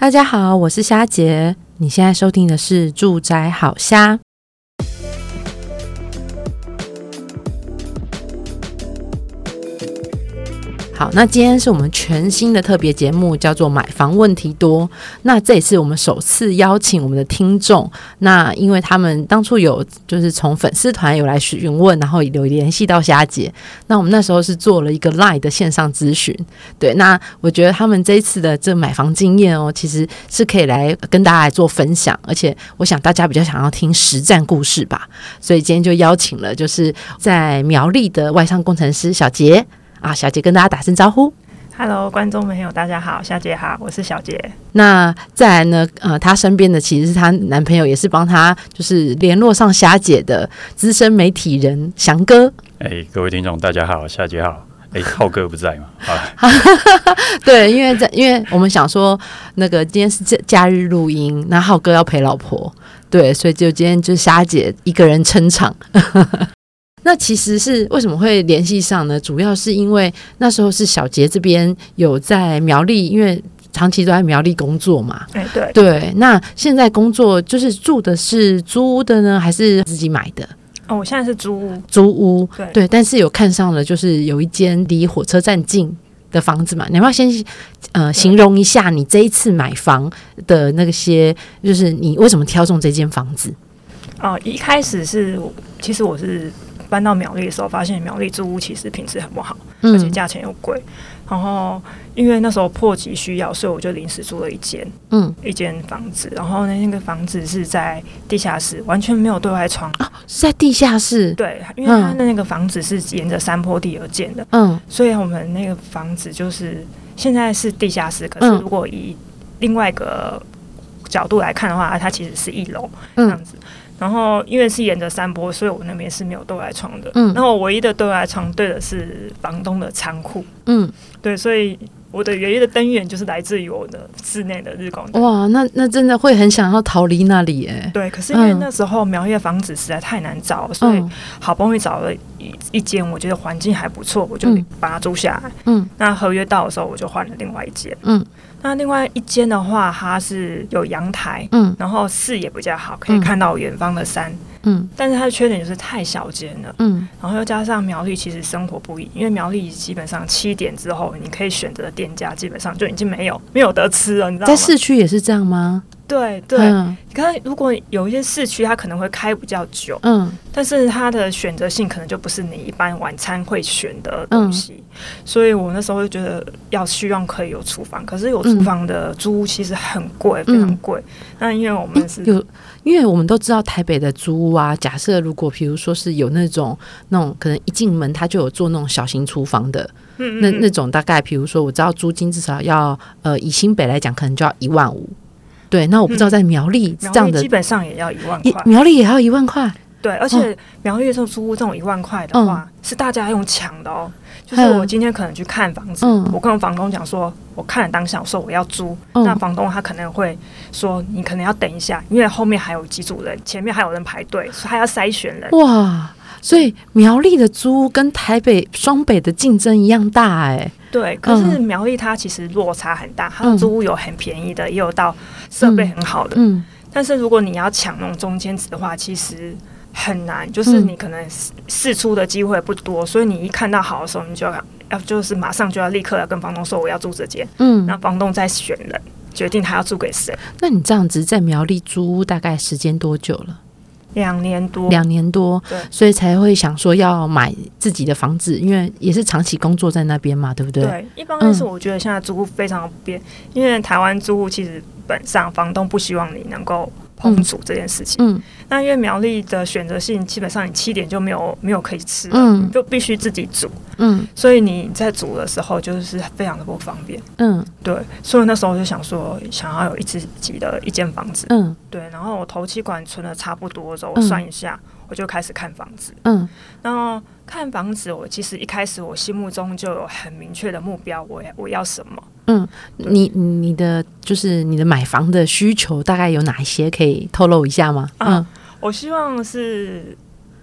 大家好，我是蝦姐，你現在收聽的是《住宅好蝦》。好，那今天是我們全新的特別節目，叫做《買房問題多》。那這也是我們首次邀請我們的聽眾。那因為他們當初有就是從粉絲團有來詢問，然後有聯繫到霞姐。那我們那時候是做了一個 Line 的線上諮詢。對，那我覺得他們這一次的這買房經驗哦，其實是可以來跟大家來做分享。而且我想大家比較想要聽實戰故事吧，所以今天就邀請了就是在苗栗的外商工程師小杰。啊，霞姐跟大家打聲招呼。Hello，觀眾朋友，大家好，霞姐好，我是小杰。那再來呢？呃，她身邊的其實是她男朋友，也是幫她就是聯絡上霞姐的資深媒體人翔哥。哎、hey,，各位聽眾大家好，霞姐好。哎、hey,，浩哥不在嗎？ Okay . 對，因為在，因為我們想說那個今天是假假日錄音，那浩哥要陪老婆，對，所以就今天就霞姐一個人撐場。 那其實是為什麼會聯繫上呢？主要是因為那時候是小杰這邊有在苗栗，因為長期都在苗栗工作嘛。哎，對，對。那現在工作就是住的是租屋的呢，還是自己買的？哦，我現在是租屋。租屋，對對。但是有看上了，就是有一間離火車站近的房子嘛。你要不要先，呃，形容一下你這一次買房的那個些，嗯，就是你為什麼挑中這間房子？哦，一開始是，其實我是。搬到苗栗的時候，發現苗栗租屋其實品質很不好，嗯、而且價錢又貴。然後因為那時候迫急需要，所以我就臨時租了一間，嗯，一間房子。然後那那個房子是在地下室，完全沒有對外窗啊。是在地下室？對，因為他的那個房子是沿着山坡地而建的，嗯，所以我們那個房子就是現在是地下室。可是如果以另外一個角度來看的話，它其實是一樓這樣子。嗯然後因為是沿着山坡，所以我那邊是沒有對外窗的。嗯，然後我唯一的對外窗對的是房東的倉庫。嗯，對，所以我的唯一的燈源就是來自於我的室內的日光。哇，那那真的會很想要逃離那裡哎。對，可是因為那時候苗栗、嗯、房子實在太難找，所以好不容易找了一一間，我覺得環境還不錯，我就把它租下來。嗯，嗯，那合約到的時候，我就換了另外一間。嗯。那另外一間的話，它是有陽台，嗯，然後視野比較好，可以看到遠方的山，嗯，但是它的缺點就是太小間了，嗯，然後又加上苗栗其實生活不易，因為苗栗基本上七點之後你可以選擇的店家基本上就已經沒有，沒有得吃了，你知道嗎？在市區也是這樣嗎？對對，你看，如果有一些市區，它可能會開比較久，嗯，但是它的選擇性可能就不是你一般晚餐會選的東西，嗯、所以我那時候就覺得要希望可以有廚房，可是有廚房的租屋其實很貴，嗯、非常貴。那、嗯、因為我們是、嗯、有，因為我們都知道台北的租屋啊，假設如果比如說是有那種那種可能一進門他就有做那種小型廚房的，嗯、那那種大概，比如說我知道租金至少要，呃，以新北來講，可能就要一萬五。對，那我不知道在苗栗這樣的，嗯、基本上也要一萬塊。苗栗也要一萬塊，對，而且苗栗的這種租屋這種一萬塊的話、嗯，是大家用搶的哦、喔嗯。就是我今天可能去看房子，嗯、我跟房東講說，我看了當場說我要租、嗯。那房東他可能會說，你可能要等一下，因為後面還有幾組人，前面還有人排隊，所以他要篩選人。哇！所以苗栗的租屋跟台北、雙北的競爭一樣大，欸，哎，對。可是苗栗它其實落差很大，嗯，它的租屋有很便宜的，也有到設備很好的嗯。嗯。但是如果你要搶那種中間值的話，其實很難，就是你可能釋出的機會不多，嗯，所以你一看到好的時候，你就要要就是馬上就要立刻要跟房東說我要租這間。嗯。那房東再選人，決定他要租給誰。那你這樣子在苗栗租屋大概時間多久了？兩年多，兩年多，對，所以才會想說要買自己的房子，因為也是長期工作在那邊嘛，對不對？對，一方面是我覺得現在租戶非常的不便，因為台灣租戶其實本上房東不希望你能夠。烹、嗯、煮這件事情，那、嗯、因為苗栗的選擇性基本上，你七點就沒有沒有可以吃了，嗯，就必須自己煮、嗯，所以你在煮的時候就是非常的不方便，嗯，對，所以那時候我就想說，想要有一自己的一間房子，嗯，對，然後我頭期款存了差不多，我算一下。嗯嗯我就開始看房子，嗯，然後看房子，我其實一開始我心目中就有很明確的目標，我我要什麼？嗯，你你的就是你的買房的需求大概有哪些可以透露一下嗎？啊、嗯，我希望是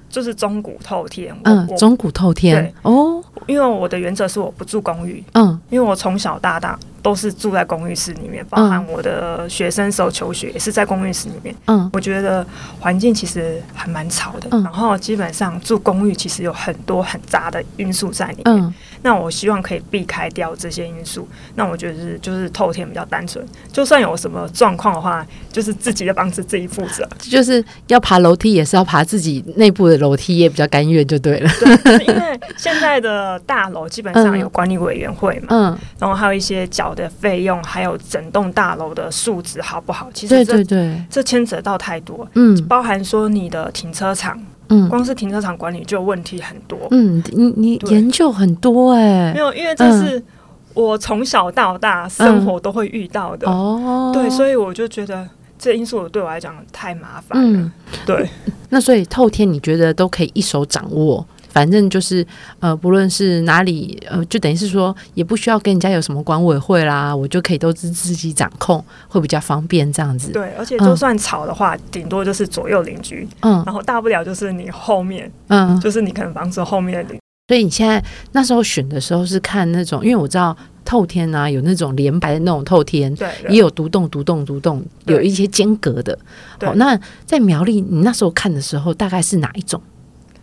就是中古透天，嗯，中古透天，對哦，因為我的原則是我不住公寓，嗯，因為我從小到大，大。都是住在公寓室裡面，包含我的學生時候求學、嗯、也是在公寓室裡面。嗯，我覺得環境其實還蠻吵的、嗯。然後基本上住公寓其實有很多很雜的因素在裡面。嗯、那我希望可以避開掉這些因素。那我覺得就是就是透天比較單純，就算有什麼狀況的話，就是自己的房子自己負責。就是要爬樓梯也是要爬自己內部的樓梯，也比較甘願就對了。對，就是、因為現在的大樓基本上有管理委員會嘛，嗯，然後還有一些角，的費用，還有整棟大樓的素質好不好？其實對，對，對，這牽扯到太多，嗯，包含說你的停車場，嗯，光是停車場管理就問題很多，嗯，你你研究很多哎、欸，沒有，因為這是我從小到大生活都會遇到的哦、嗯，對，所以我就覺得這因素對我來講太麻煩，了、嗯。對。那，那所以透天你覺得都可以一手掌握？反正就是呃，不論是哪裡呃，就等於是說，也不需要跟人家有什麼管委會啦，我就可以都是自己掌控，會比較方便這樣子。對，而且就算吵的話，嗯，頂多就是左右鄰居，嗯，然後大不了就是你後面，嗯，就是你可能房子後面的鄰居。所以你現在那時候選的時候是看那種，因為我知道透天啊有那種連排的那種透天，對，也有獨棟、獨棟、獨棟，有一些間隔的。好、哦，那在苗栗你那時候看的時候大概是哪一種？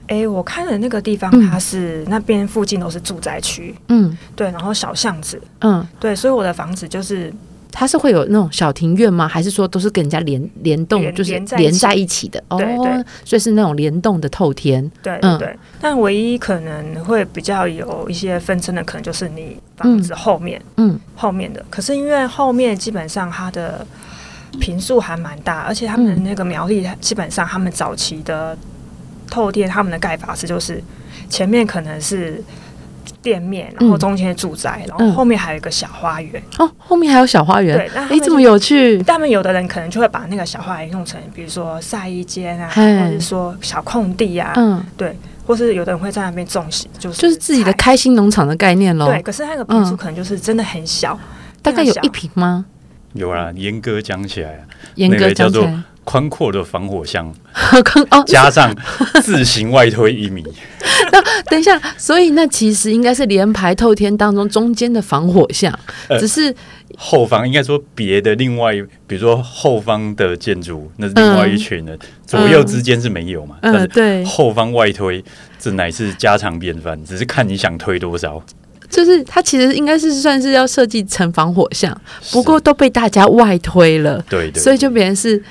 哎、欸，我看的那個地方，嗯、它是那邊附近都是住宅區。嗯，對，然後小巷子。嗯，對，所以我的房子就是，它是會有那種小庭院嗎？還是說都是跟人家聯聯動連連，就是連在一起的？對對對哦，所以是那種聯動的透天。對，對，對，嗯對對對，但唯一可能會比較有一些紛爭的，可能就是你房子後面，嗯，後面的。嗯、可是因為後面基本上它的坪數還蠻大、嗯，而且他們那個苗栗，基本上他們早期的。透天他們的蓋法是就是前面可能是店面，然後中間住宅，然後後面還有一個小花園、嗯嗯、哦，後面還有小花園，對，哎、欸，這麼有趣。他們有的人可能就會把那個小花園弄成，比如說曬衣間啊，或者是說小空地啊，嗯，對，或是有的人會在那邊種，就是就是自己的開心農場的概念嘍。對，可是那個別墅可能就是真的很小，嗯、大概有一坪嗎？有啊，嚴格講起來，嚴格講起來、那個、叫做。寬闊的防火巷， 加上自行外推一米 。 那等一下，所以那其實應該是連排透天當中中間的防火巷，呃，只是後方應該說別的另外，比如說後方的建築那是另外一群人，嗯，左右之間是沒有嘛。嗯，對，後方外推這乃是家常便飯，只是看你想推多少。就是它其實應該是算是要設計成防火巷，不過都被大家外推了。對對，對所以就別人是。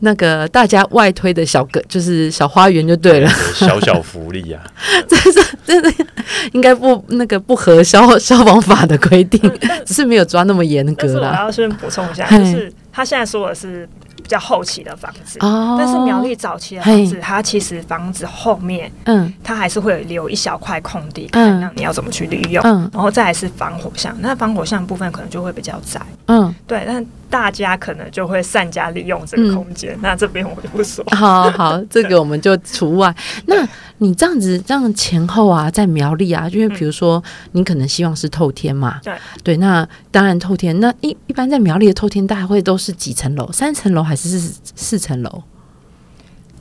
那個大家外推的小個就是小花園就對了，小小福利啊，這這這這應該不那個不合消消防法的規定，只、嗯嗯、是沒有抓那麼嚴格啦。但是我要補充一下，就是他現在說的是。比較後期的房子，oh, 但是苗栗早期的房子，hey, 它其實房子後面，嗯，它還是會留一小塊空地，嗯，那你要怎麼去利用？嗯，然後再來是防火巷，嗯，那防火巷部分可能就會比較窄，嗯，對，那大家可能就會善加利用這個空間，嗯。那這邊我就不說，好好， 這個我們就除外。 那你這樣子，這樣前後啊，在苗栗啊，因為比如說、嗯、你可能希望是透天嘛，對，對，那當然透天，那一一般在苗栗的透天大概會都是幾層樓，三層樓還。還是,是四四層樓，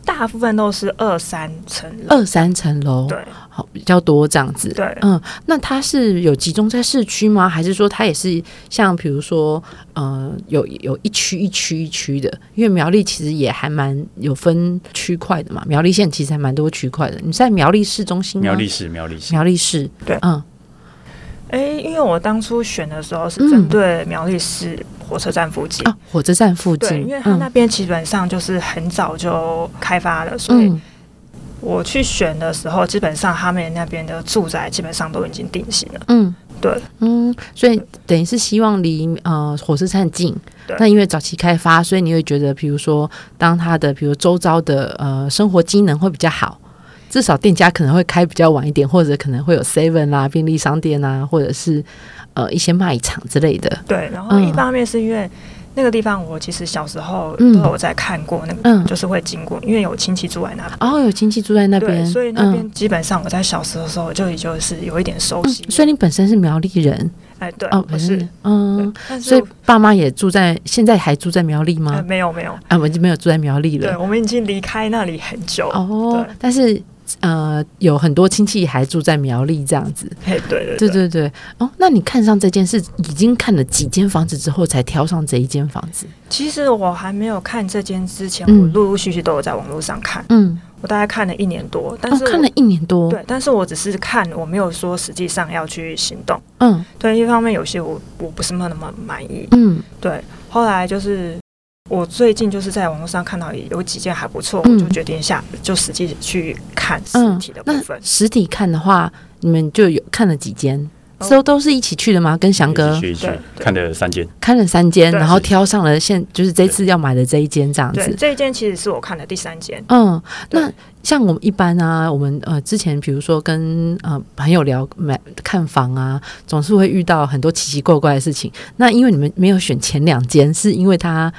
大部分都是二三層，二三層樓對，好比較多這樣子。對，嗯，那它是有集中在市區嗎？還是說它也是像比如說，嗯、呃，有有一區一區一區的？因為苗栗其實也還蠻有分區塊的嘛。苗栗縣其實還蠻多區塊的。你在苗栗市中心嗎？苗栗市，苗栗市，苗栗市。對，嗯。哎、欸，因為我當初選的時候是針對苗栗市。嗯火車站附近啊，火車站附近。對，因為他那邊基本上就是很早就開發了，嗯，所以我去選的時候，基本上他們那邊的住宅基本上都已經定型了。嗯，對，嗯，所以等於是希望離呃火車站近。那因為早期開發，所以你會覺得，比如說，當他的比如周遭的呃生活機能會比較好，至少店家可能會開比較晚一點，或者可能會有 Seven 啦、便利商店啊，或者是。呃，一些賣場之類的。對，然後一方面是因為那個地方，我其實小時候都有在看過，嗯、那個就是會經過，嗯、因為有親戚住在那邊。哦，有親戚住在那邊，所以那邊基本上我在小時候的時候就已經是有一點熟悉，嗯。所以你本身是苗栗人？哎，對，哦、不是，嗯。所以爸媽也住在，現在還住在苗栗嗎、呃？沒有，沒有，啊，我們就沒有住在苗栗了。對，我們已經離開那裡很久哦，對。但是。呃，有很多親戚還住在苗栗這樣子。對對對，對對對。哦，那你看上這間是，已經看了幾間房子之後才挑上這一間房子？其實我還沒有看這間之前，我陸陸續續都有在網絡上看。嗯，我大概看了一年多，但是、哦、看了一年多，對，但是我只是看，我沒有說實際上要去行動。嗯，對，一方面有些我我不是那麼滿意。嗯，對，後來就是。我最近就是在網絡上看到有幾間還不錯、嗯，我就決定一下就實際去看實體的部分。嗯、實體看的話、嗯，你們就有看了幾間，都、哦、都是一起去的嗎？跟翔哥一起去看了三間，看了三間，然後挑上了現就是這次要買的這一間這樣子。這一間其實是我看的第三間。嗯，那像我們一般啊，我們呃之前比如說跟呃朋友聊買看房啊，總是會遇到很多奇奇怪怪的事情。那因為你們沒有選前兩間，是因為它，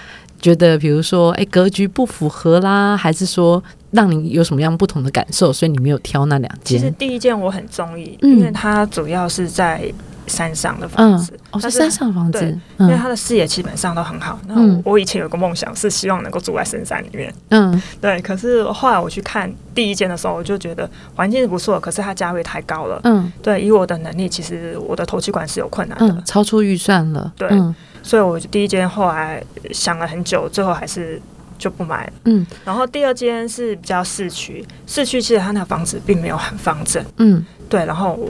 覺得比如說，哎、欸，格局不符合啦，還是說讓你有什麼樣不同的感受，所以你沒有挑那兩間？其實第一間我很中意、嗯，因為它主要是在山上的房子，嗯、哦，是山上的房子、嗯，因為它的視野基本上都很好。那、嗯、我以前有個夢想是希望能夠住在深山裡面，嗯，對。可是後來我去看第一間的時候，我就覺得環境不錯，可是它價位太高了，嗯，對。以我的能力，其實我的頭期款是有困難的，嗯、超出預算了，對。嗯所以我就第一間，後來想了很久，最後還是就不買了。嗯，然後第二間是比較市區，市區其實它那房子並沒有很方正。嗯，對，然後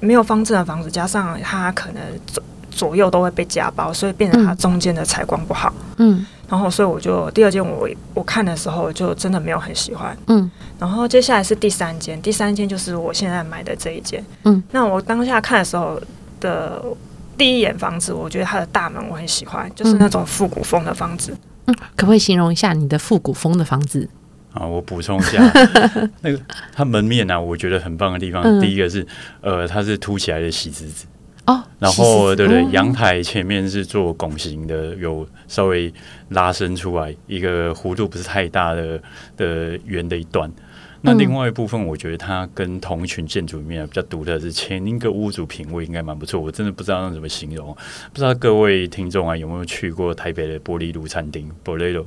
沒有方正的房子，加上它可能左左右都會被夾包，所以變成它中間的採光不好。嗯，然後所以我就第二間，我我看的時候就真的沒有很喜歡。嗯，然後接下來是第三間，第三間就是我現在買的這一間。嗯，那我當下看的時候的。第一眼房子，我覺得它的大門我很喜歡，就是那種復古風的房子。嗯，可不可以形容一下你的復古風的房子？啊，我補充一下， 那個它門面呢、啊，我覺得很棒的地方，嗯、第一個是呃，它是凸起來的喜字哦，然後對，對對，陽台前面是做拱形的，有稍微拉伸出來、嗯、一個弧度不是太大的的圓的一段。那另外一部分，我覺得它跟同一群建築裡面比較獨特的是前一個屋主品味應該蠻不錯，我真的不知道怎麼形容，不知道各位聽眾啊有沒有去過台北的玻璃屋餐廳？Borello、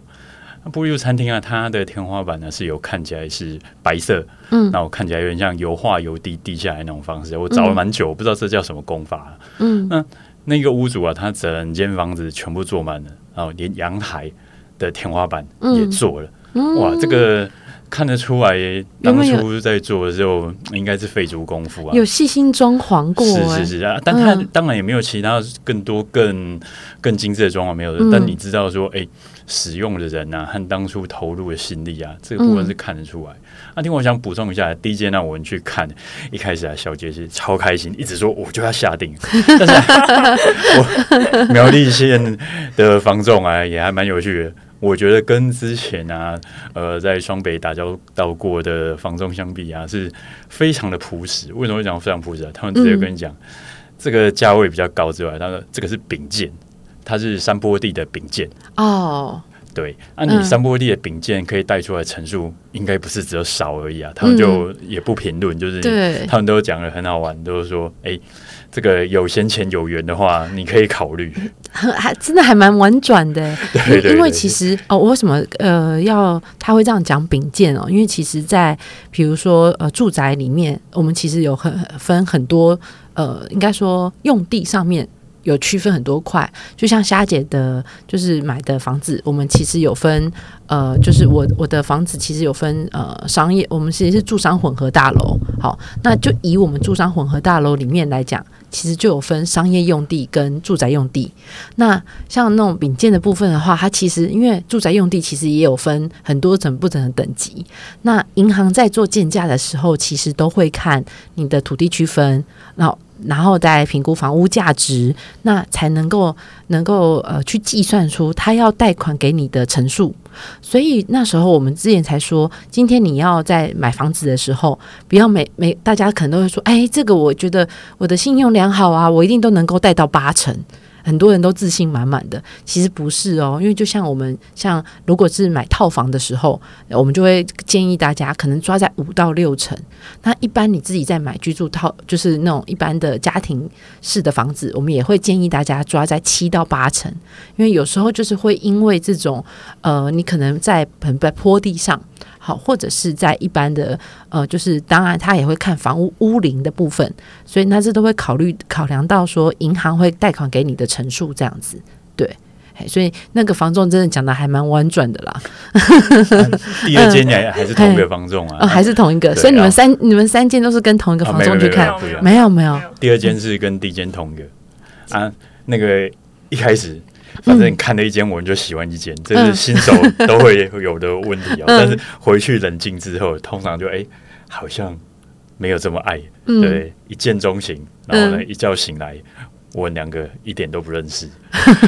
那玻璃屋、玻璃屋餐廳啊，它的天花板呢是有看起來是白色，嗯，然後看起來有點像油畫油滴滴下來那種方式，我找了蠻久，我不知道這叫什麼工法、啊，嗯，那那個屋主啊，他整間房子全部做滿了，然後連陽台的天花板也做了、嗯嗯，哇，這個。看得出來，當初在做的時候應該是費足功夫啊，有細心裝潢過。是是是啊，當然當然也沒有其他更多更更精緻的裝潢沒有。但你知道說，哎，使用的人吶、啊、和當初投入的心力啊，這個部分是看得出來。另外我想補充一下，第一間讓我們去看，一開始啊，小杰是超開心，一直說我就要下定，但是、啊、 我苗栗縣的房仲啊也還蠻有趣的。我覺得跟之前啊，呃，在雙北打交道過的房東相比啊，是非常的樸實。為什麼會講非常樸實啊？他們直接跟你講，嗯，這個價位比較高之外，他說這個是丙建，它是山坡地的丙建。哦。對，那、啊、你山坡地的丙建可以帶出來陳述，嗯、應該不是只有少而已啊。他們就也不評論、嗯，就是對他們都講的很好玩，都、就是說，哎、欸，這個有閒錢有緣的話，你可以考慮。還真的還蠻婉轉的， 對，對，因為其實哦，我為什麼呃要他會這樣講丙建哦？因為其實在，在比如說呃住宅裡面，我們其實有很分很多呃，應該說用地上面。有區分很多塊，就像蝦姐的，就是買的房子，我們其實有分，呃，就是我我的房子其實有分，呃，商業，我們其實是住商混合大樓，好，那就以我們住商混合大樓裡面來講，其實就有分商業用地跟住宅用地。那像那種丙建的部分的話，它其實因為住宅用地其實也有分很多層不等的等級。那銀行在做鑑價的時候，其實都會看你的土地區分，那。然後再評估房屋價值，那才能夠能夠呃去計算出他要貸款給你的成數。所以那時候我們之前才說，今天你要在買房子的時候，不要每每，大家可能都會說，哎，這個我覺得我的信用良好啊，我一定都能夠貸到八成。很多人都自信滿滿的，其實不是哦，因為就像我們像如果是買套房的時候，我們就會建議大家可能抓在五到六成。那一般你自己在買居住套，就是那種一般的家庭式的房子，我們也會建議大家抓在七到八成，因為有時候就是會因為這種呃，你可能在盆在坡地上。好，或者是在一般的，呃，就是當然他也會看房屋屋齡的部分，所以那這都會考慮考量到說銀行會貸款給你的成數這樣子，對，所以那個房仲真的講的還蠻婉轉的啦、 啊。第二間還還是同一個房仲啊？嗯哎哦、還是同一個，嗯啊、所以你們三、啊、你們三間都是跟同一個房仲去看，啊、沒有，沒有，沒，有、啊、沒，有沒有。第二間是跟第一間同一個、嗯、啊，那個一開始。反正看了一間、嗯，我們就喜歡一間，這是新手都會有的問題啊、哦嗯。但是回去冷靜之後，通常就哎、欸，好像沒有這麼愛，嗯、對，一見鍾情。然後呢，一覺醒來，嗯、我們兩個一點都不認識，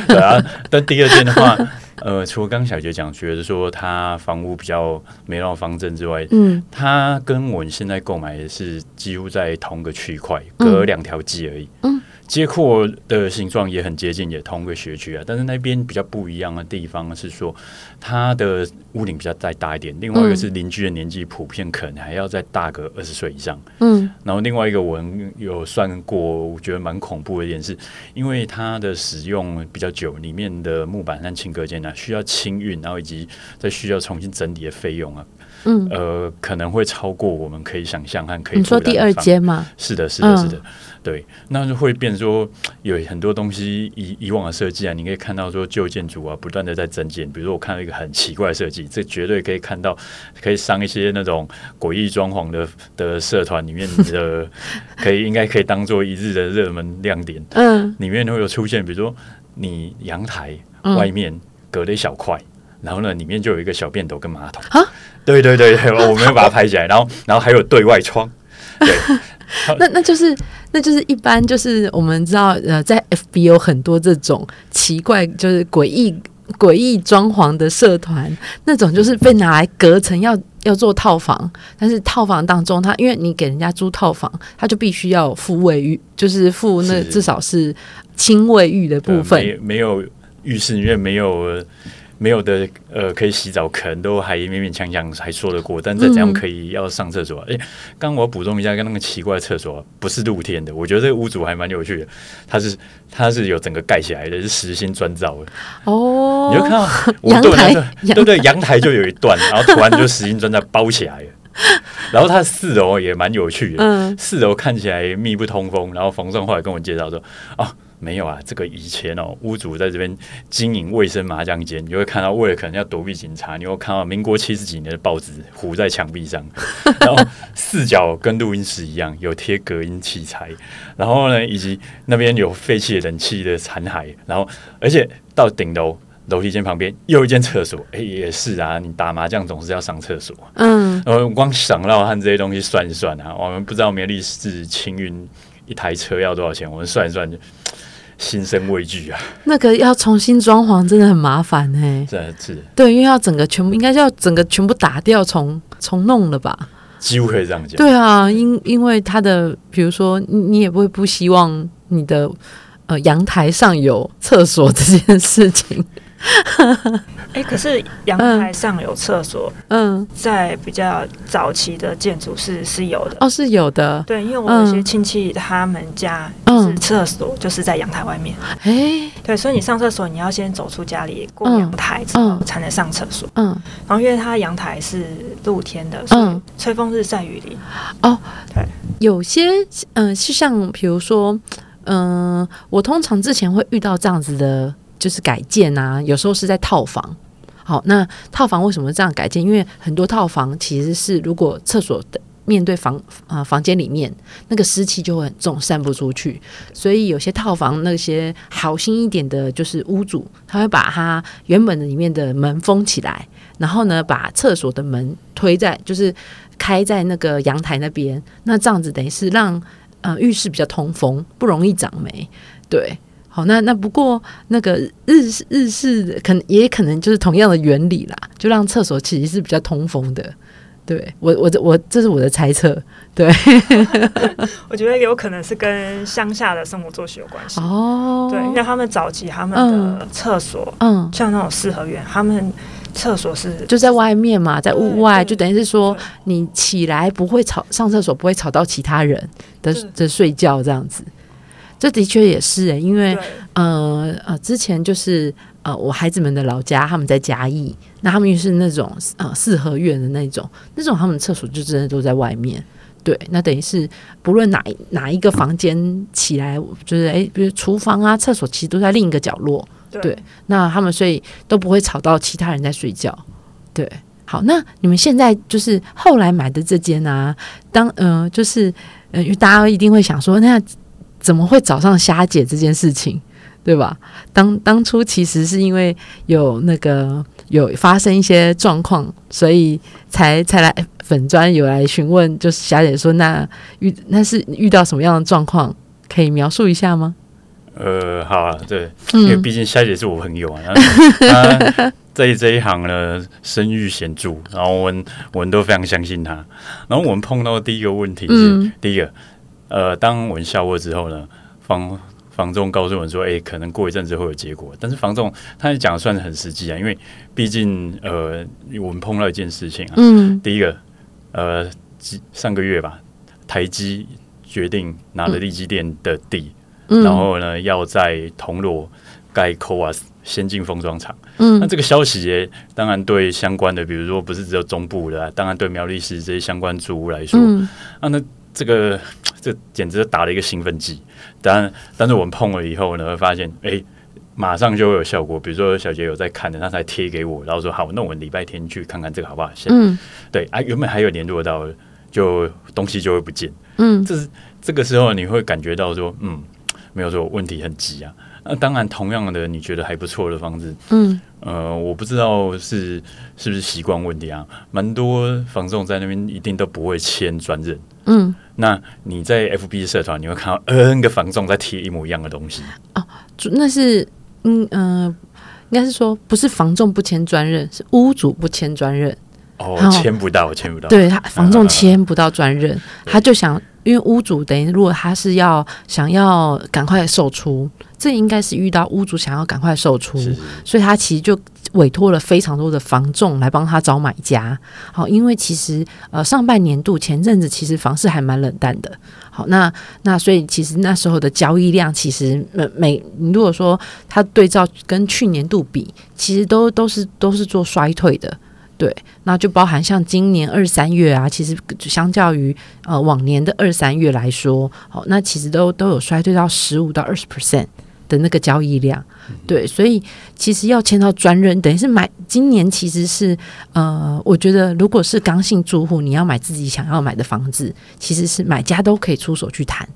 對啊。嗯、但第二間的話，呃，除了剛剛小杰講，覺得說他房屋比較沒那麼方正之外，嗯，他跟我們現在購買的是幾乎在同個區塊，隔兩條街而已，嗯。嗯街廓的形狀也很接近，也同一個學區啊。但是那邊比較不一樣的地方是說，它的屋頂比較再大一點。另外一個是鄰居的年紀普遍可能還要再大個二十歲以上。嗯，然後另外一個我有算過，我覺得蠻恐怖的一點是，因為它的使用比較久，裡面的木板和輕隔間呢，需要清運，然後以及再需要重新整理的費用啊。嗯，呃，可能會超過我們可以想象和可以做。你說第二間嘛？是的，是的，是、嗯、的。對，那就會變成說有很多東西以以往的設計啊，你可以看到說舊建築啊，不斷的在增建。比如說我看到一個很奇怪的設計，這絕對可以看到，可以上一些那種詭異裝潢的的社團裡面的，呵呵可以應該可以當做一日的熱門亮點。嗯，裡面會有出現，比如說你陽台外面隔了一小塊、嗯，然後呢，裡面就有一個小便斗跟馬桶。對對對，我們要把它拍起來， 然後，然後還有對外窗。 那那就是，那就是一般就是我們知道，呃，在 FB 有很多這種奇怪，就是詭異詭異裝潢的社團，那種就是被拿來隔層要要做套房，但是套房當中，他因為你給人家租套房，他就必須要付衛浴，就是付那至少是輕衛浴的部分，是是呃、沒，沒有浴室裡面，因為沒有。沒有的，呃，可以洗澡可能都還勉勉強強還說得過，但再怎樣可以要上廁所，啊。哎、嗯，剛、欸、我補充一下，跟那個奇怪的廁所不是露天的，我覺得這個屋主還蠻有趣的，他是他是有整個蓋起來的，是實心磚造的。哦，你就看到陽、那個、台，對對、對，陽台就有一段，然後突然就實心磚在包起來 然後它的四樓也蠻有趣的，嗯、四樓看起來密不通風。然後房仲後來跟我介紹說哦。」沒有啊，這個以前哦，屋主在這邊經營衛生麻將間，你會看到為了可能要躲避警察，你會看到民國七十幾年的報紙糊在牆壁上，然後四角跟錄音室一樣有貼隔音器材，然後呢，以及那邊有廢棄冷氣的殘骸，然後而且到頂樓樓梯間旁邊又有一間廁所，誒也是啊，你打麻將總是要上廁所，嗯，然後光想到他這些東西算一算啊，我們不知道我們歷史清運一台車要多少錢，我們算一算就。心生畏懼啊！那個要重新裝潢真的很麻煩哎、欸，是，是，對，因為要整個全部應該是要整個全部打掉重，重弄了吧，幾乎可以這樣講。對啊，因因為他的，比如說你，你也不會不希望你的呃陽台上有廁所這件事情。 哎、 欸，可是陽台上有廁所，嗯，在比較早期的建築是是有的哦，是有的，對，因為我有些親戚他們家就是，嗯，廁所就是在陽台外面，哎、欸，對，所以你上廁所你要先走出家裡過陽台，嗯，之後才能上廁所，嗯，然後因為它陽台是露天的，所以吹風日曬雨淋，嗯、哦，對，有些嗯、呃，是像比如說，嗯、呃，我通常之前會遇到這樣子的。就是改建啊，有時候是在套房。好，那套房為什麼這樣改建？因為很多套房其實是如果廁所的面對房啊，呃，房間裡面那個濕氣就會很重，散不出去。所以有些套房那些好心一點的，就是屋主，他會把它原本裡面的門封起來，然後呢把廁所的門推在，就是開在那個陽台那邊。那這樣子等於是讓呃浴室比較通風，不容易長霉。對。好，那那不過那個日日式的可能也可能就是同樣的原理啦，就讓廁所其實是比較通風的。對我我我這是我的猜測，對， 對，我覺得有可能是跟鄉下的生活作息有關係哦。對，那他們早期他們的廁所，嗯，像那種四合院、嗯，他們廁所是就在外面嘛，在屋外，就等於是說你起來不會吵，上廁所不會吵到其他人的的，的睡覺這樣子。這的確也是誒、欸，因為呃呃，之前就是呃，我孩子們的老家他們在嘉義，那他們又是那種呃四合院的那種，那種他們廁所就真的都在外面。對，那等於是不論哪、哪一個房間起來，就、嗯、是誒，比如廚房啊，廁所其實都在另一個角落對。對，那他們所以都不會吵到其他人在睡覺。對，好，那你們現在就是後來買的這間啊，當嗯、呃，就是嗯、呃，因為大家一定會想說那。怎麼會找上霞姐這件事情，對吧？當當初其實是因為有那個有發生一些狀況，所以才才來粉專有來詢問，就是霞姐說那，那遇那是遇到什麼樣的狀況，可以描述一下嗎？呃，好、啊，對，因為畢竟霞姐是我朋友啊，嗯、她在這一行呢聲譽顯著，然後我們我們都非常相信她。然後我們碰到的第一個問題是，嗯、第一個。呃，當我們笑過之後呢，房房仲告訴我們說：“哎、欸，可能過一陣子會有結果。”但是房仲他也講的算是很實際啊，因為畢竟呃，我們碰到一件事情啊。嗯。第一個呃，上個月吧，台積決定拿了力積電的地、嗯，然後呢，要在銅鑼蓋 CoWoS 先進封裝廠、嗯。那這個消息也當然對相關的，比如說不是只有中部的、啊，當然對苗栗市這些相關住戶來說、嗯，啊那。這個這簡直打了一個興奮劑，但但是我們碰了以後呢，會發現哎，馬上就會有效果。比如說小杰有在看的，他才貼給我，然後說好，那我們禮拜天去看看這個好不好？先嗯，對啊，原本還有聯絡到，就東西就會不見。嗯，這是這個時候你會感覺到說，嗯，沒有說問題很急啊。那、啊、當然，同樣的你覺得還不錯的房子，嗯，呃，我不知道是是不是習慣問題啊，蠻多房仲在那邊一定都不會簽專任，嗯，那你在 FB 社團你會看到 N 個房仲在貼一模一樣的東西，哦，那是，嗯嗯，呃，應該是說不是房仲不簽專任，是屋主不簽專任，哦，簽不到，簽不到，對他房仲簽不到專任，啊，他就想，因為屋主等於如果他是要想要趕快售出。這應該是遇到屋主想要趕快售出，所以他其實就委託了非常多的房仲來幫他找買家。好、哦，因為其實呃上半年度前陣子其實房市還蠻冷淡的。好、哦，那那所以其實那時候的交易量其實每每你如果說他對照跟去年度比，其實都都是都是做衰退的。對，那就包含像今年二三月啊，其實就相較於呃往年的二三月來說，好、哦，那其實都都有衰退到十五到二十 percent。的那個交易量，對，所以其實要簽到專任，等於是買。今年其實是，呃，我覺得如果是剛性住戶，你要買自己想要買的房子，其實是買家都可以出手去談，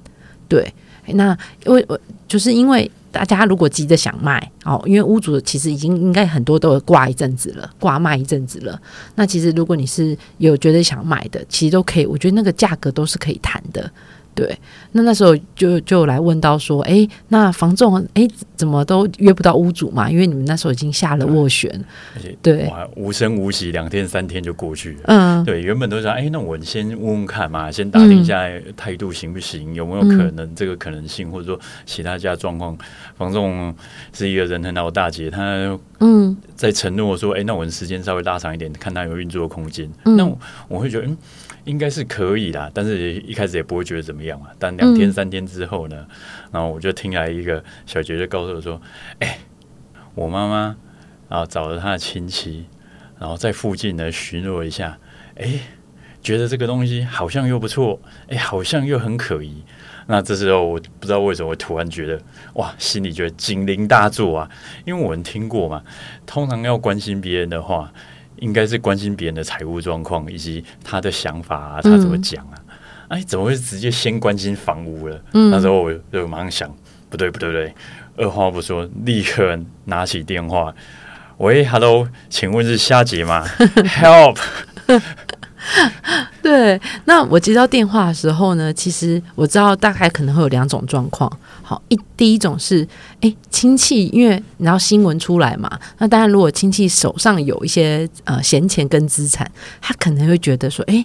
對。那因為我就是因為大家如果急着想賣哦，因為屋主其實已經應該很多都掛一陣子了，掛賣一陣子了。那其實如果你是有覺得想買的，其實都可以，我覺得那個價格都是可以談的。對，那那時候就就來問到說，哎，那房仲哎怎麼都約不到屋主嘛？因為你們那時候已經下了斡旋，嗯、而且對哇，無聲無息，兩天三天就過去了。嗯，對，原本都想，哎，那我先問問看嘛，先打聽一下態度行不行，嗯、有沒有可能、嗯、這個可能性，或者說其他家狀況。嗯、房仲是一個人很好的大姐，她嗯，在承諾說，哎，那我時間稍微拉長一點，看他有運作空間。嗯、那我，我會覺得，嗯。應該是可以啦，但是一開始也不會覺得怎麼樣啊。但兩天三天之後呢、嗯，然後我就聽來一個小姐就告訴我說：“哎、欸，我媽媽啊找了她的親戚，然後在附近呢巡邏一下，哎、欸，覺得這個東西好像又不錯，哎、欸，好像又很可疑。”那這時候我不知道為什麼我突然覺得哇，心裡覺得警鈴大作啊，因為我們聽過嘛，通常要關心別人的話。應該是關心別人的財務狀況以及他的想法、啊，他怎麼講啊、嗯？哎，怎麼會直接先關心房屋了，嗯？那時候我就馬上想，不對不對不對，二話不說，立刻拿起電話，喂，hello，請問是夏傑嗎？Help 對，那我接到電話的時候呢，其實我知道大概可能會有兩種狀況。好，一，第一種是哎，親戚，因為你要新聞出來嘛，那當然如果親戚手上有一些呃閒錢跟資產，他可能會覺得說，哎，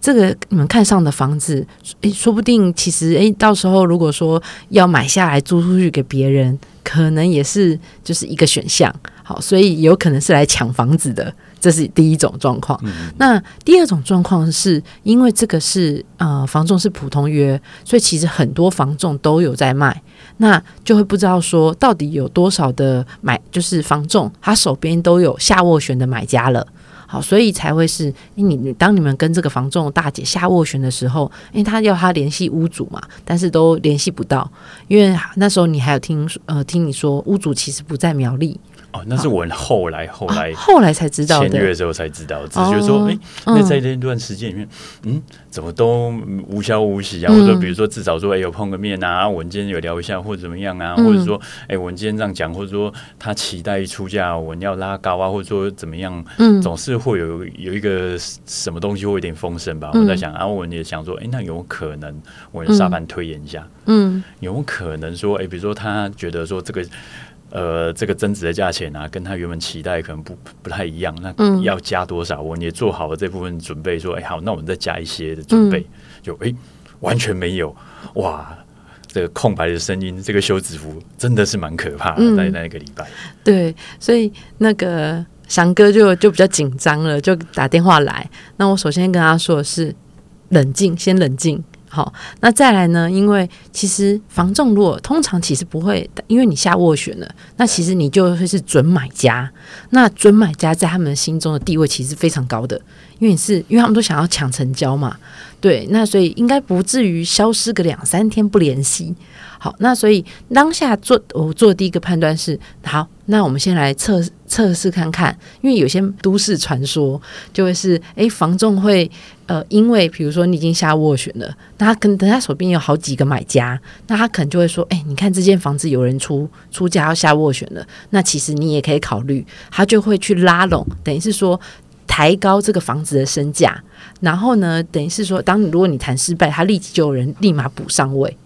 這個你們看上的房子，誒說不定其實哎到時候如果說要買下來租出去給別人，可能也是就是一個選項。好，所以有可能是來搶房子的。這是第一種狀況，那第二種狀況是因為這個是呃房仲是普通約，所以其實很多房仲都有在賣，那就會不知道說到底有多少的買就是房仲他手邊都有下斡旋的買家了，好，所以才會是你當你們跟這個房仲大姐下斡旋的時候，因為他要她聯繫屋主嘛，但是都聯繫不到，因為那時候你還有聽呃聽你說屋主其實不在苗栗。哦，那是我後來後來、啊、後來才知道簽約的時候才知道，只是覺得說，誒、哦欸，那在那段時間裡面嗯，嗯，怎麼都無消無息啊？嗯、或者比如說至少說，哎、欸，有碰個面啊，我們今天有聊一下，或者怎麼樣啊？嗯、或者說，哎、欸，我們今天這樣講，或者說他期待出價，我們要拉高啊，或者說怎麼樣？嗯、總是會有有一個什麼東西會有點風聲吧？我在想、嗯、啊，我也想說，哎、欸，那有，有可能，我沙盤推演一下，嗯，有，有可能說，哎、欸，比如說他覺得說這個。呃，這個增值的價錢啊，跟他原本期待可能不不太一樣，那你要加多少？嗯、我們也做好了這部分準備，說，哎、欸，好，那我們再加一些的準備，嗯、就哎、欸，完全沒有，哇，這個空白的聲音，這個休止符真的是蠻可怕的。的、嗯。在那個禮拜，對，所以那個翔哥就就比較緊張了，就打電話來。那我首先跟他說的是，冷靜，先冷靜。好，那再來呢？因為其實房仲弱通常其實不會，因為你下斡旋了，那其實你就會是準買家。那準買家在他們心中的地位其實非常高的，因為你是因為他們都想要搶成交嘛，對。那所以應該不至於消失個兩三天不聯繫。好，那所以當下做我做的第一個判斷是，好，那我們先來測。測試看看，因為有些都市傳說就會是：哎，房仲會呃，因為比如說你已經下斡旋了，那他可能他手邊有好幾個買家，那他可能就會說：哎，你看這間房子有人出出價要下斡旋了，那其實你也可以考慮。他就會去拉攏，等於是說抬高這個房子的身價，然後呢，等於是說當你如果你談失敗，他立即就有人立馬補上位。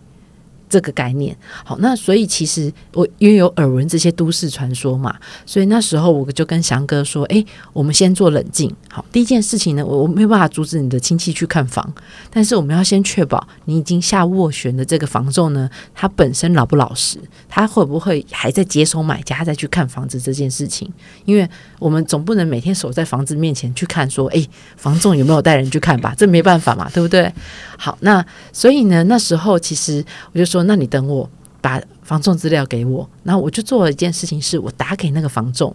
這個概念，好，那所以其實我因為有耳聞這些都市傳說嘛，所以那時候我就跟翔哥說：“哎，我們先做冷靜。好，第一件事情呢，我我沒辦法阻止你的親戚去看房，但是我們要先確保你已經下斡旋的這個房仲呢，他本身老不老實，他會不會還在接收買家再去看房子這件事情？因為我們總不能每天守在房子面前去看說，說哎，房仲有沒有帶人去看吧？這沒辦法嘛，對不對？好，那所以呢，那時候其實我就說。那你等我把房仲資料給我，那我就做了一件事情，是我打給那個房仲，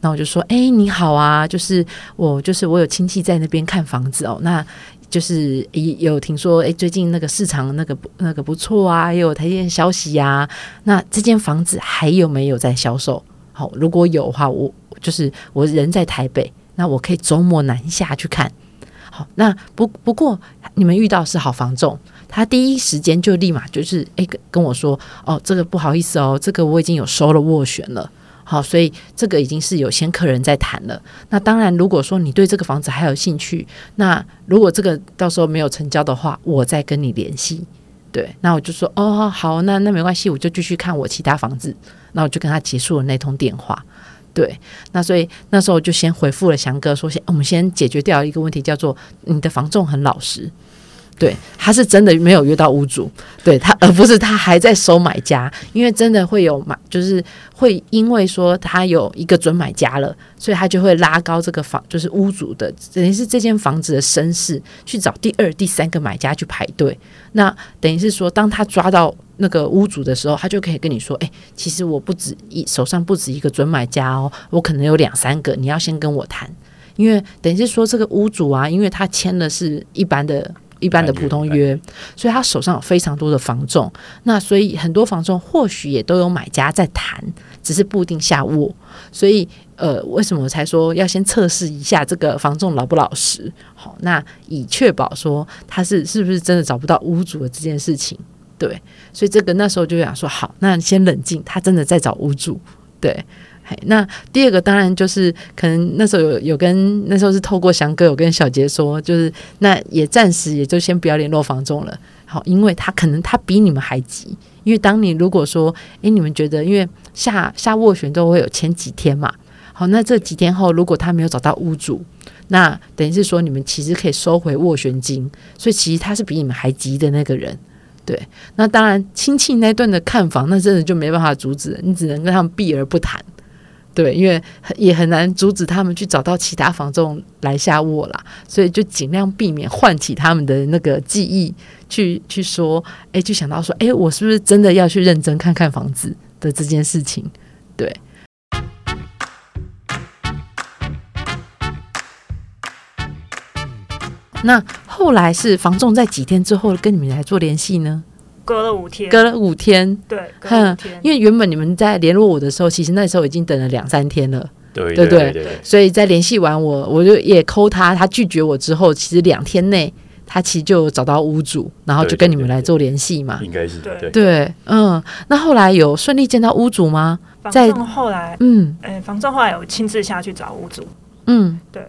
那我就說，哎、欸，你好啊，就是我就是我有親戚在那邊看房子哦，那就是有聽說，哎、欸，最近那個市場那個那個不錯啊，又有台電消息呀、啊，那這間房子還有沒有在銷售？好，如果有的話，我就是我人在台北，那我可以周末南下去看。好，那不不過你們遇到是好房仲。他第一時間就立馬就是誒跟、欸、跟我說哦，這個不好意思哦，這個我已經有收了斡旋了，好，所以這個已經是有先客人在談了。那當然，如果說你對這個房子還有興趣，那如果這個到時候沒有成交的話，我再跟你聯繫。對，那我就說哦，好，那那沒關係，我就繼續看我其他房子。那我就跟他結束了那通電話。對，那所以那時候就先回復了翔哥說，先、哦、我們先解決掉一個問題，叫做你的房仲很老實。對，他是真的沒有約到屋主，對他，而不是他還在收買家，因為真的會有買，就是會因為說他有一個準買家了，所以他就會拉高這個房，就是屋主的等於是這間房子的身世，去找第二、第三個買家去排隊。那等於是說，當他抓到那個屋主的時候，他就可以跟你說：“哎，其實我不止一手上不止一個準買家哦，我可能有兩三個，你要先跟我談，因為等於是說這個屋主啊，因為他簽的是一般的。”一般的普通約，所以他手上有非常多的房仲。那所以很多房仲或許也都有買家在談，只是不一定下斡，所以呃，為什麼我才說要先測試一下這個房仲老不老實？好、哦，那以確保說他是是不是真的找不到屋主的這件事情，對，所以這個那時候就想說，好，那你先冷靜，他真的在找屋主，對。那第二個當然就是，可能那時候有有跟那時候是透過翔哥有跟小傑說，就是那也暫時也就先不要聯絡房仲了，好，因為他可能他比你們還急，因為當你如果說，誒、欸，你們覺得因為下下斡旋都會有前幾天嘛，好，那這幾天後如果他沒有找到屋主，那等於是說你們其實可以收回斡旋金，所以其實他是比你們還急的那個人，對，那當然親戚那段的看房，那真的就沒辦法阻止，你只能跟他們避而不談。對，因為也很難阻止他們去找到其他房仲來下斡了，所以就盡量避免喚起他們的那個記憶去，去去說，哎，就想到說，哎，我是不是真的要去認真看看房子的這件事情？對。嗯、那後來是房仲在幾天之後跟你們來做聯繫呢？隔了五天，隔了五天，對，隔五天，因為原本你們在聯絡我的時候，其實那時候已經等了兩三天了，對對對，對對，所以在聯繫完我，我就也扣他，他拒絕我之後，其實兩天內他其實就找到屋主，然後就跟你們來做聯繫嘛，對對對對應該是對對。嗯、那後來有順利見到屋主嗎？在後來，嗯、哎、呃，房仲後來有親自下去找屋主，嗯，對，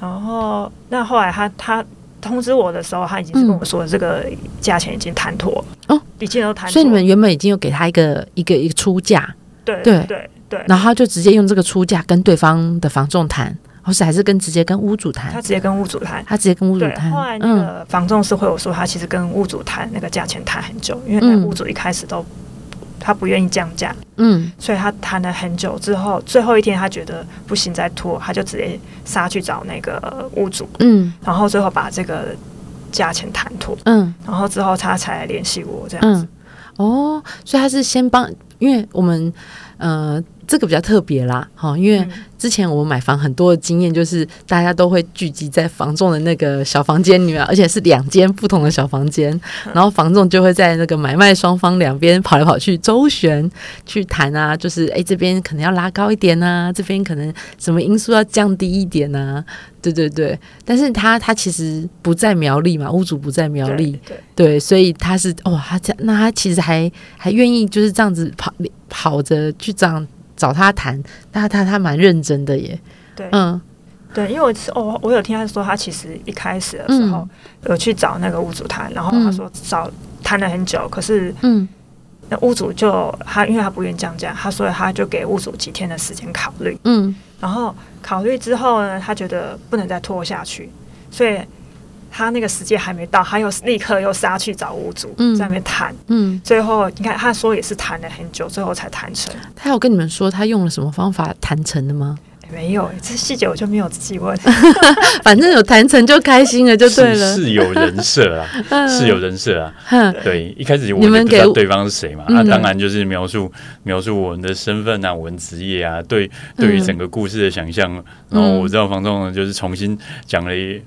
然後那後來他他。通知我的時候，他已經是跟我說、嗯、這個價錢已經談妥了哦，已經都談。所以你們原本已經有給他一個一個一個出價，對對對對，然後他就直接用這個出價跟對方的房仲談，或是還是跟直接跟屋主談？他直接跟屋主談，他直接跟屋主談。後來那個房仲是回我說、嗯，他其實跟屋主談那個價錢談很久，因為那屋主一開始都。他不願意降價，嗯，所以他談了很久之後，最後一天他覺得不行再拖，他就直接殺去找那個屋主，嗯，然後最後把這個價錢談妥，嗯，然後之後他才聯繫我這樣子。嗯，哦，所以他是先幫，因為我們，呃。這個比較特別啦，哈，因為之前我們買房很多的經驗就是大家都會聚集在房仲的那個小房間裡面，而且是兩間不同的小房間，然後房仲就會在那個買賣雙方兩邊跑來跑去周旋去談啊，就是哎這邊可能要拉高一點啊，這邊可能什麼因素要降低一點啊，對對對。但是他他其實不在苗栗嘛，屋主不在苗栗，對，對對，所以他是哇、哦，他那他其實還還願意就是這樣子跑跑着去這樣。找他談，他他他蠻認真的耶。對，嗯，對，因為我是哦，我有聽他說，他其實一開始的時候、嗯、有去找那個屋主談，然後他說找談、嗯、了很久，可是嗯，那屋主就他因為他不願意降價，他說他就給屋主幾天的時間考慮，嗯，然後考慮之後呢，他覺得不能再拖下去，所以。他那個時間還沒到，他又立刻又殺去找屋主，嗯、在那邊談。嗯，最後你看他說也是談了很久，最後才談成。他有跟你們說他用了什麼方法談成的嗎、欸？沒有，這細節我就沒有自己問。 反正有談成就開心了就對了。是有人設了，是有人設了、啊 啊啊啊。對，一開始我也不知道對方是誰嘛，那、啊、當然就是描述描述我們的身份啊，我們職業啊，對，對於整個故事的想象、嗯。然後我知道房東就是重新講了一。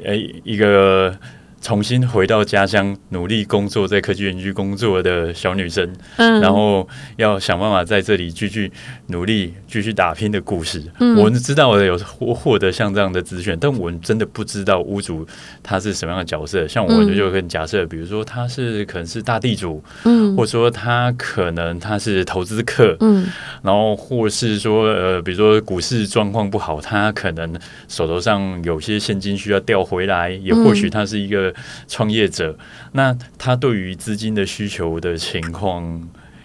誒、哎，一個。重新回到家鄉，努力工作，在科技園區工作的小女生，嗯，然後要想辦法在這裡繼續努力、繼續打拼的故事。嗯，我們知道有獲獲得像這樣的資訊，但我們真的不知道屋主他是什麼樣的角色。像我，就更假設，比如說他是可能是大地主，嗯，或者說他可能他是投資客，嗯，然後或是說呃，比如說股市狀況不好，他可能手頭上有些現金需要調回來，也或許他是一個。創業者，那他對於資金的需求的情況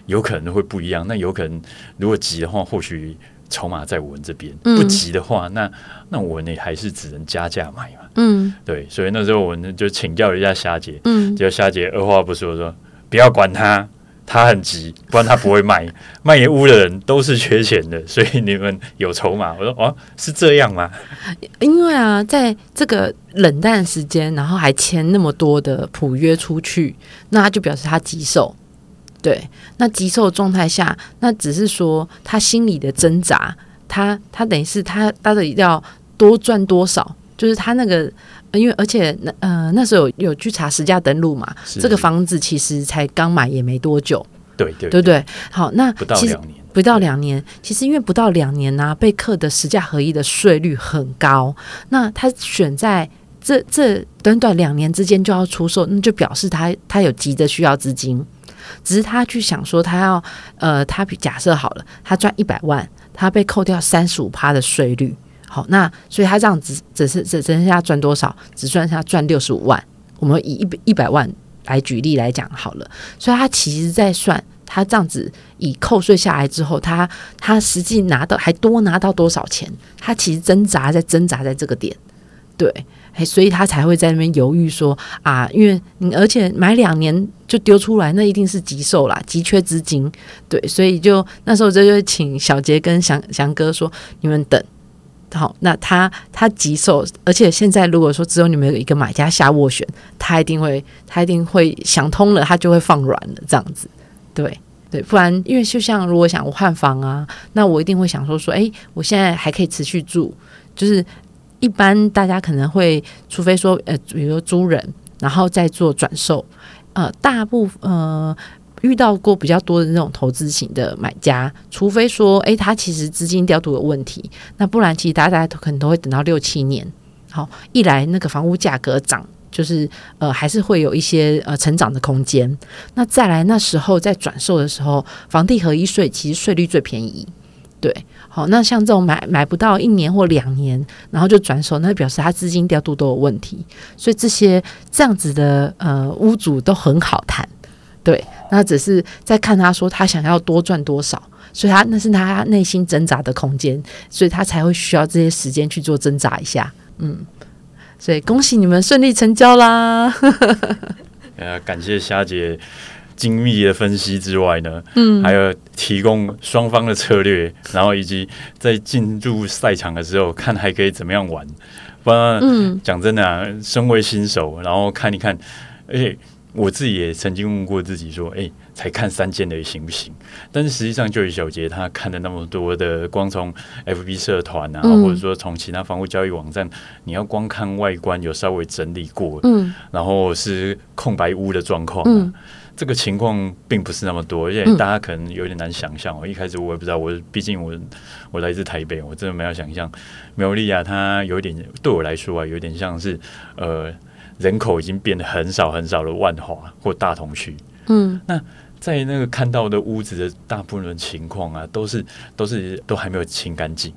有可能會不一樣。那有可能如果急的話，或許籌碼在我們這邊；不急的話，那那我們也還是只能加價買嘛。嗯，對。所以那時候我們就請教了一下夏姐，嗯，結果夏姐二話不說，說不要管他。他很急，不然他不會賣。賣屋的人都是缺錢的，所以你們有籌碼。我說，哦，是這樣嗎？因為啊，在這個冷淡的時間，然後還簽那麼多的普約出去，那他就表示他急售。對，那急售狀態下，那只是說他心裡的掙扎，他他等於是他他得要多賺多少，就是他那個。因為而且那呃那時候有有去查實價登錄嘛，這個房子其實才剛買也沒多久，對對對，對不對？好，那其實不到兩年，不到兩年，其實因為不到兩年呢、啊，被課的實價合一的稅率很高，那他選在這這短短兩年之間就要出售，那就表示他他有急着需要資金，只是他去想說他要呃他比假設好了，他賺一百萬，他被扣掉三十五趴的稅率，好，那所以他這樣子只是只剩下賺多少，只算下賺六十五萬。我們以一一百萬來舉例來講好了。所以他其實在算，他這樣子以扣稅下來之後，他他實際拿到還多拿到多少錢？他其實掙扎在掙扎在這個點，對，所以他才會在那邊猶豫說啊，因為你而且買兩年就丟出來，那一定是急售啦，急缺資金，對，所以就那時候這就請小杰跟祥祥哥說，你們等。好，那他他急售，而且現在如果說只有你們有一個買家下斡旋，他一定會他一定會想通了，他就會放軟了這樣子。對對，不然因為就像如果想我換房啊，那我一定會想說說，哎，我現在還可以持續住，就是一般大家可能會，除非說呃，比如說租人然後再做轉售，呃，大部分呃。遇到過比較多的那種投資型的買家，除非說，誒、欸、他其實資金調度有問題，那不然其實大家大都可能都會等到六七年。好，一來那個房屋價格漲，就是呃還是會有一些呃成長的空間。那再來那時候在轉售的時候，房地合一稅其實稅率最便宜。對，好，那像這種買買不到一年或兩年，然後就轉手，那表示他資金調度都有問題。所以這些這樣子的呃屋主都很好談。對，那只是在看他說他想要多賺多少，所以他那是他內心掙扎的空間，所以他才會需要這些時間去做掙扎一下。嗯，所以恭喜你們順利成交啦！ 呃、感謝霞姐精密的分析之外呢，嗯，還有提供雙方的策略，然後以及在進入賽場的時候看還可以怎麼樣玩。不然嗯，講真的、啊嗯、身為新手，然後看一看，而、欸、且。我自己也曾經問過自己說：“哎、欸，才看三間的也行不行？”但是實際上，就小傑，他看了那麼多的光、啊，光從 FB 社團啊，或者說從其他房屋交易網站，你要光看外觀有稍微整理過，嗯，然後是空白屋的狀況、啊，嗯，這個情況並不是那麼多，而且大家可能有點難想象、哦嗯。一開始我也不知道，我畢竟我我來自台北，我真的沒有想象，苗栗呀她有點對我來說啊，有點像是呃。人口已經變得很少很少的萬華或大同區，嗯，那在那個看到的屋子的大部分情況啊，都是都是都還沒有清乾淨，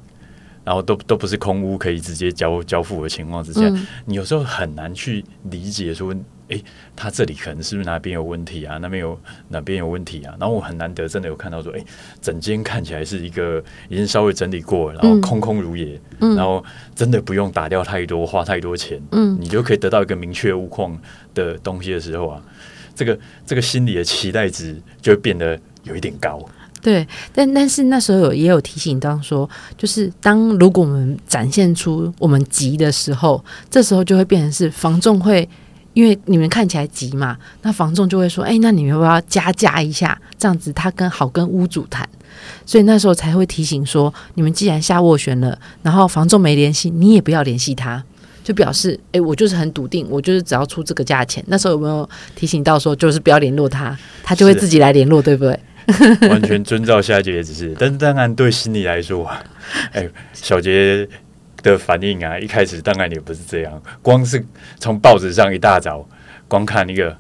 然後都都不是空屋可以直接交交付的情況之下，嗯，你有時候很難去理解說。哎，他這裡可能是不是哪邊有問題啊？那邊有哪邊有問題啊？然後我很難得真的有看到說，哎，整間看起來是一個已經稍微整理過，然後空空如也，嗯嗯、然後真的不用打掉太多花太多錢，嗯，你就可以得到一個明確屋況的東西的時候啊，嗯、這個這個心理的期待值就會變得有一點高。對，但但是那時候有也有提醒，當說就是當如果我們展現出我們急的時候，這時候就會變成是房仲會。因為你們看起來急嘛，那房仲就會說：“哎、欸，那你們要不要加價一下？這樣子他跟好跟屋主談。”所以那時候才會提醒說：“你們既然下斡旋了，然後房仲沒聯繫，你也不要聯繫他，就表示：哎、欸，我就是很篤定，我就是只要出這個價錢。”那時候有沒有提醒到說，就是不要聯絡他，他就會自己來聯絡，對不對？ 完全遵照夏姐只是，但當然對心理來說，哎、欸，小杰。 的反應啊，一開始當然也不是這樣，光是從報紙上一大早光看一個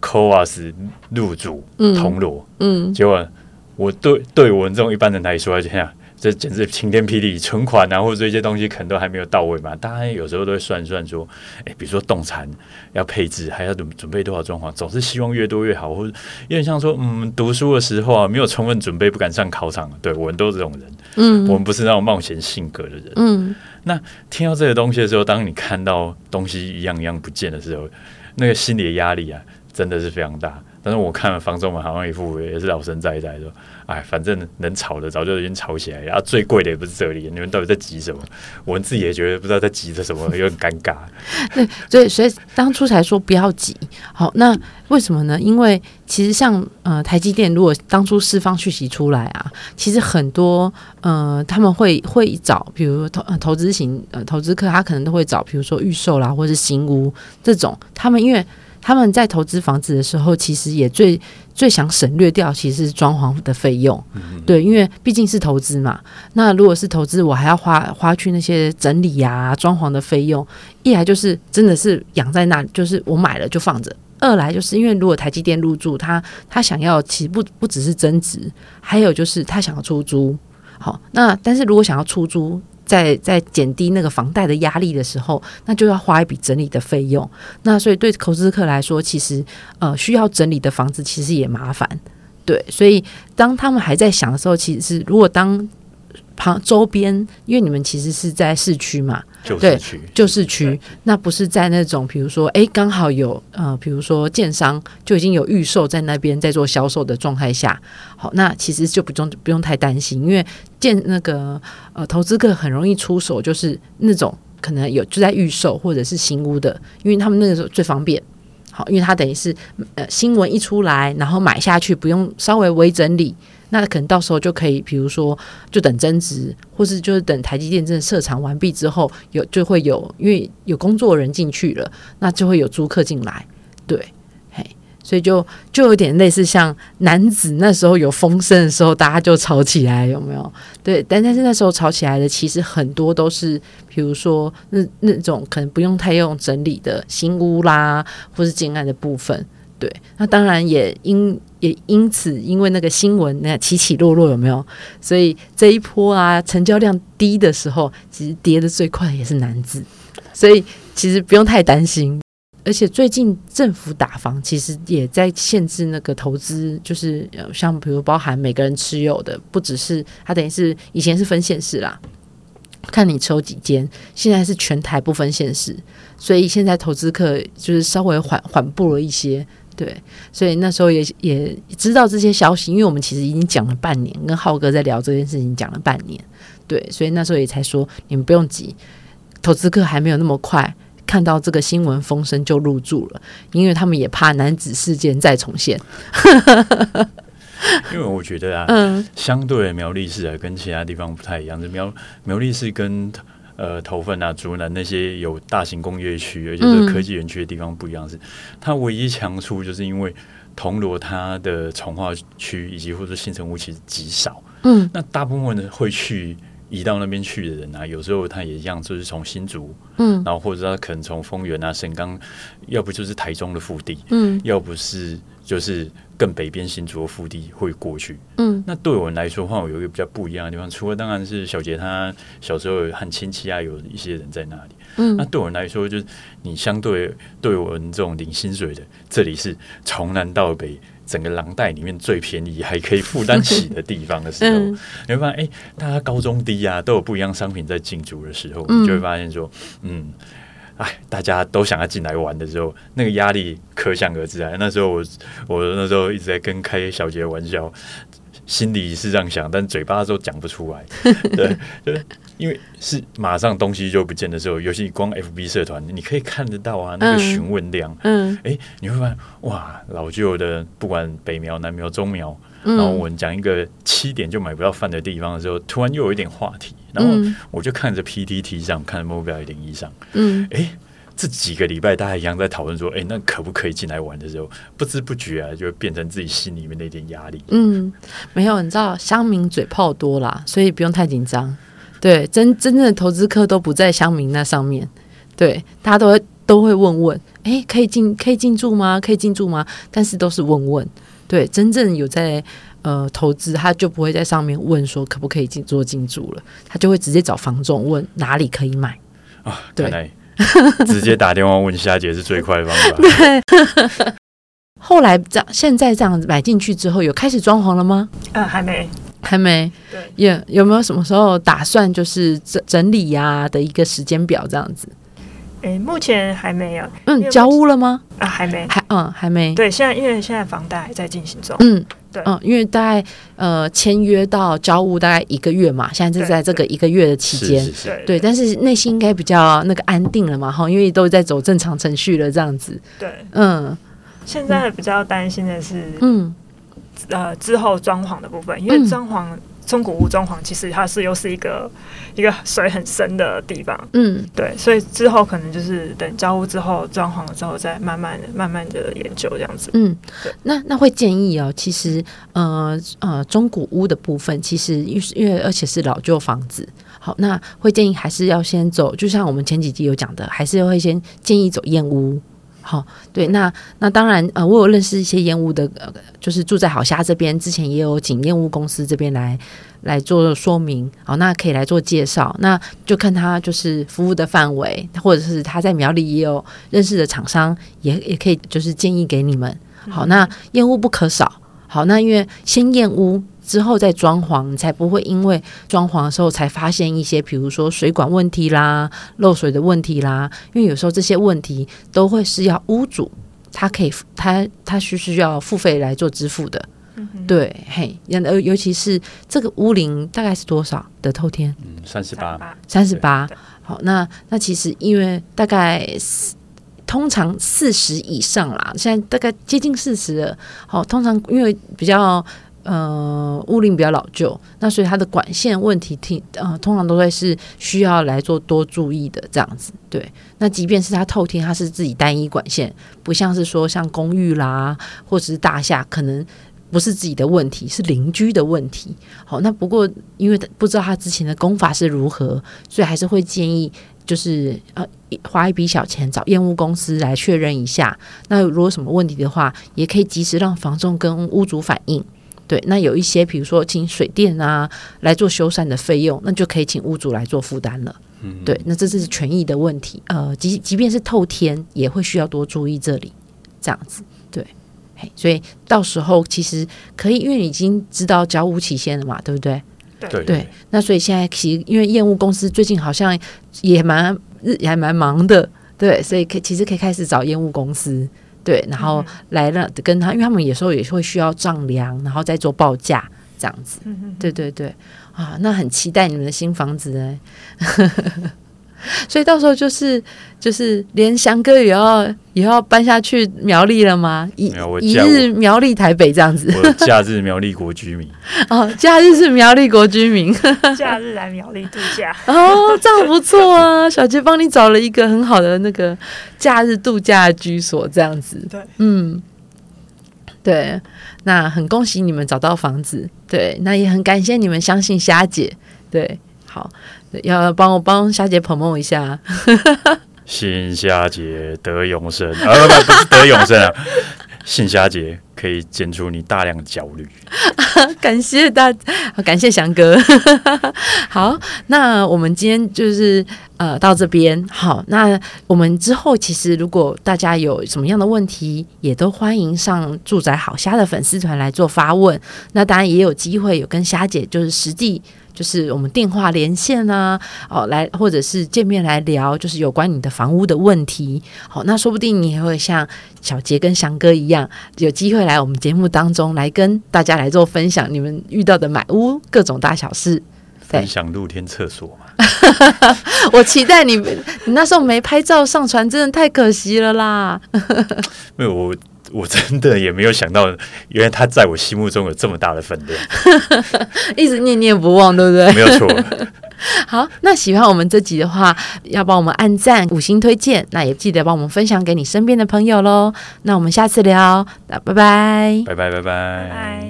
Costco 入主銅鑼，嗯，結果、嗯、我對對，我這種一般人來說，就像這簡直晴天霹靂！存款啊，或者這些東西可能都還沒有到位嘛。大家有時候都會算一算，說，誒、欸、比如說動產要配置，還要準準備多少裝潢，總是希望越多越好。或者，有點像說，嗯，讀書的時候啊，沒有充分準備，不敢上考場。對，我們都是這種人。嗯，我們不是那種冒險性格的人。嗯，那聽到這些東西的時候，當你看到東西一樣一樣不見的時候，那個心理的壓力啊，真的是非常大。但是我看了房仲們，好像一副也是老神在在說：“哎，反正能炒的早就已經炒起來了，然、啊、後最貴的也不是這裡，你們到底在急什麼？”我們自己也覺得不知道在急着什麼， 有點尷尷尬 。 對，所以所以當初才說不要急。好，那為什麼呢？因為其實像呃台積電，如果當初釋放訊息出來啊，其實很多呃他們會會找，比如說投、呃、投資型呃投資客，他可能都會找，比如說預售啦，或者是新屋這種，他們因為。他們在投資房子的時候，其實也最最想省略掉，其實是裝潢的費用。對，因為畢竟是投資嘛。那如果是投資，我還要花花去那些整理呀，、啊、裝潢的費用。一來就是真的是養在那裡，就是我買了就放着；二來就是因為如果台積電入駐，他他想要其實不不只是增值，還有就是他想要出租。好，那但是如果想要出租，在在減低那個房貸的壓力的時候，那就要花一筆整理的費用。那所以對投資客來說，其實呃需要整理的房子其實也麻煩。對，所以當他們還在想的時候，其實是如果當旁周邊，因為你們其實是在市區嘛。對是，就市區，那不是在那種，比如說，誒，剛好有呃，比如說建商就已經有預售在那邊在做銷售的狀態下，好，那其實就不用不用太擔心，因為建那個呃投資客很容易出手，就是那種可能有就在預售或者是新屋的，因為他們那個時候最方便，好，因為他等於是呃新聞一出來，然後買下去不用稍微微整理。那可能到時候就可以，比如說，就等增值，或是就是等台積電正設廠完畢之後，有就會有，因為有工作人進去了，那就會有租客進來，對，嘿，所以就就有點類似像楠梓那時候有風聲的時候，大家就炒起來，有沒有？對，但但是那時候炒起來的，其實很多都是，比如說那那種可能不用太用整理的新屋啦，或是建案的部分，對，那當然也因。也因此，因為那個新聞，那起起落落有沒有？所以這一波啊，成交量低的時候，其實跌得最快也是男子。所以其實不用太擔心。而且最近政府打房，其實也在限制那個投資，就是像比如包含每個人持有的，不只是它，等於是以前是分縣市啦，看你抽幾間，現在是全台不分縣市，所以現在投資客就是稍微緩緩步了一些。對，所以那時候也也知道這些消息，因為我們其實已經講了半年，跟浩哥在聊這件事情講了半年。對，所以那時候也才說你們不用急，投資客還沒有那麼快看到這個新聞風聲就入住了，因為他們也怕男子事件再重現。 因為我覺得啊，嗯，相對的苗栗市啊跟其他地方不太一樣，這苗苗栗市跟。呃，頭份啊、竹南那些有大型工業區，而且是科技園區的地方不一樣是，是、嗯、它唯一強處，就是因為銅鑼它的重劃區以及或者新成屋其實極少，嗯，那大部分的會去移到那邊去的人啊，有時候他也一樣，就是從新竹，嗯，然後或者他可能從豐原啊、神岡，要不就是台中的腹地，嗯，要不是。就是更北邊新竹的腹地會過去，嗯，那對我們來說的話，我有一個比較不一樣的地方，除了當然是小杰他小時候和親戚啊有一些人在那裡，嗯，那對我們來說，就是你相對對我們這種領薪水的，這裡是從南到北整個廊帶裡面最便宜還可以負擔起的地方的時候， 嗯、你會發現，哎、欸，大家高中低啊都有不一樣商品在進駐的時候、嗯，你就會發現說，嗯。哎，大家都想要進來玩的時候，那個壓力可想而知啊。那時候我，我那時候一直在跟開小姐玩笑，心裡是這樣想，但嘴巴都講不出來。 對，就是因為是馬上東西就不見的時候，尤其光 FB 社團，你可以看得到啊，那個詢問量。嗯。哎、嗯欸，你會發現哇，老舊的不管北苗、南苗、中苗，嗯、然後我們講一個七點就買不到飯的地方的時候，突然又有一點話題。然後我就看着 PPT 上，看 move 標零一上，嗯，哎、嗯，這幾個禮拜大家一樣在討論說，哎，那可不可以進來玩的時候，不知不覺啊，就變成自己心裡面那點壓力。嗯，沒有，你知道鄉民嘴炮多啦，所以不用太緊張。對，真真正的投資客都不在鄉民那上面，對，大家都都會問問，哎，可以進可以進駐嗎？可以進駐嗎？但是都是問問，對，真正有在。呃，投資他就不會在上面問說可不可以進做進駐了，他就會直接找房仲問哪裡可以買啊、哦。對， 直接打電話問夏姐是最快的方法。 對。 後來這樣，現在這樣子買進去之後，有開始裝潢了嗎？呃、嗯，還沒還沒。對。也有沒有什麼時候打算就是整整理呀、啊、的一個時間表這樣子？哎、欸，目前還沒有。嗯，交屋了嗎？啊，還沒，還嗯，還沒。對，現在因為現在房貸還在進行中，嗯。嗯，因為大概呃簽約到交屋大概一個月嘛，現在就在這個一個月的期間，對，但是內心應該比較那個安定了嘛，哈，因為都在走正常程序了，這樣子。對，嗯，現在比較擔心的是，嗯，呃，之後裝潢的部分，因為裝潢、嗯。中古屋裝潢其實它是又是一個一個水很深的地方，嗯，對，所以之後可能就是等交屋之後裝潢了之後，之後再慢慢慢慢的研究這樣子。嗯，那那會建議哦，其實呃呃，中古屋的部分其實因為而且是老舊房子，好，那會建議還是要先走，就像我們前幾集有講的，還是會先建議走驗屋。好、哦，對，那那當然，呃，我有認識一些驗屋的，呃，就是住在好瞎這邊，之前也有請驗屋公司這邊來來做說明，好、哦，那可以來做介紹，那就看他就是服務的範圍，或者是他在苗栗也有認識的廠商，也也可以就是建議給你們。嗯、好，那驗屋不可少，好，那因為先驗屋。之後再裝潢，你才不會因為裝潢的時候才發現一些，比如說水管問題啦、漏水的問題啦。因為有時候這些問題都會是要屋主他可以他他是需要付費來做支付的。嗯、對，嘿，呃，尤其是這個屋齡大概是多少的？得透天？嗯，三十八，三十八。好，那那其實因為大概四，通常四十以上啦，現在大概接近四十了。好、哦，通常因為比較。呃，屋齡比較老舊，那所以它的管線問題挺呃，通常都會是需要來做多注意的這樣子。對，那即便是他透天，他是自己單一管線，不像是說像公寓啦，或者是大廈，可能不是自己的問題，是鄰居的問題。好，那不過因為不知道他之前的工法是如何，所以還是會建議就是呃，花一筆小錢找驗屋公司來確認一下。那如果有什麼問題的話，也可以及時讓房仲跟屋主反映。對，那有一些比如說請水電啊來做修繕的費用，那就可以請屋主來做負擔了。嗯，對，那這是權益的問題，呃，即即便是透天也會需要多注意這裡，這樣子，對，所以到時候其實可以，因為你已經知道交屋期限了嘛，對不對？對，對，對。那所以現在其實因為驗屋公司最近好像也蠻也還蠻忙的，對，所以可以其實可以開始找驗屋公司。對，然後來了、嗯、跟他，因為他們有時候也會需要丈量，然後再做報價這樣子，嗯哼哼。對對對，啊，那很期待你們的新房子哎。 所以到時候就是就是連翔哥也要也要搬下去苗栗了嗎？一一日苗栗台北這樣子，我我的假日苗栗國居民哦，假日是苗栗國居民， 假日來苗栗度假哦，這樣不錯啊！ 小杰幫你找了一個很好的那個假日度假居所這樣子，對，嗯，對，那很恭喜你們找到房子，對，那也很感謝你們相信瞎姐，對。好，要幫我幫霞姐捧捧一下。信 蝦姐得永生，啊、永生啊，不 不，不是得永生啊，信霞姐可以減除你大量的焦慮。 感謝大，感謝翔哥。 好、嗯，那我們今天就是呃到這邊。好，那我們之後其實如果大家有什麼樣的問題，也都歡迎上住宅好瞎的粉絲團來做發問。那當然也有機會有跟蝦姐就是實際就是我們電話連線啊，哦，來或者是見面來聊,就是有關你的房屋的問題。好、哦，那說不定你也會像小杰跟翔哥一樣，有機會來我們節目當中來跟大家來做分享，你們遇到的買屋各種大小事。分享露天廁所嘛？ 我期待你，你那時候沒拍照上傳，真的太可惜了啦。 沒有我。我真的也沒有想到，原來他在我心目中有這麼大的分量 一直念念不忘，對不對？沒有錯。 好，那喜歡我們這集的話，要幫我們按讚、五星推薦，那也記得幫我們分享給你身邊的朋友嘍。那我們下次聊，那拜拜拜拜拜拜，拜，拜。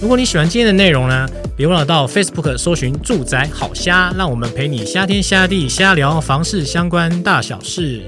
如果你喜歡今天的內容呢，別忘了到 Facebook 搜尋“住宅好瞎”，讓我們陪你瞎天瞎地瞎聊房事相關大小事。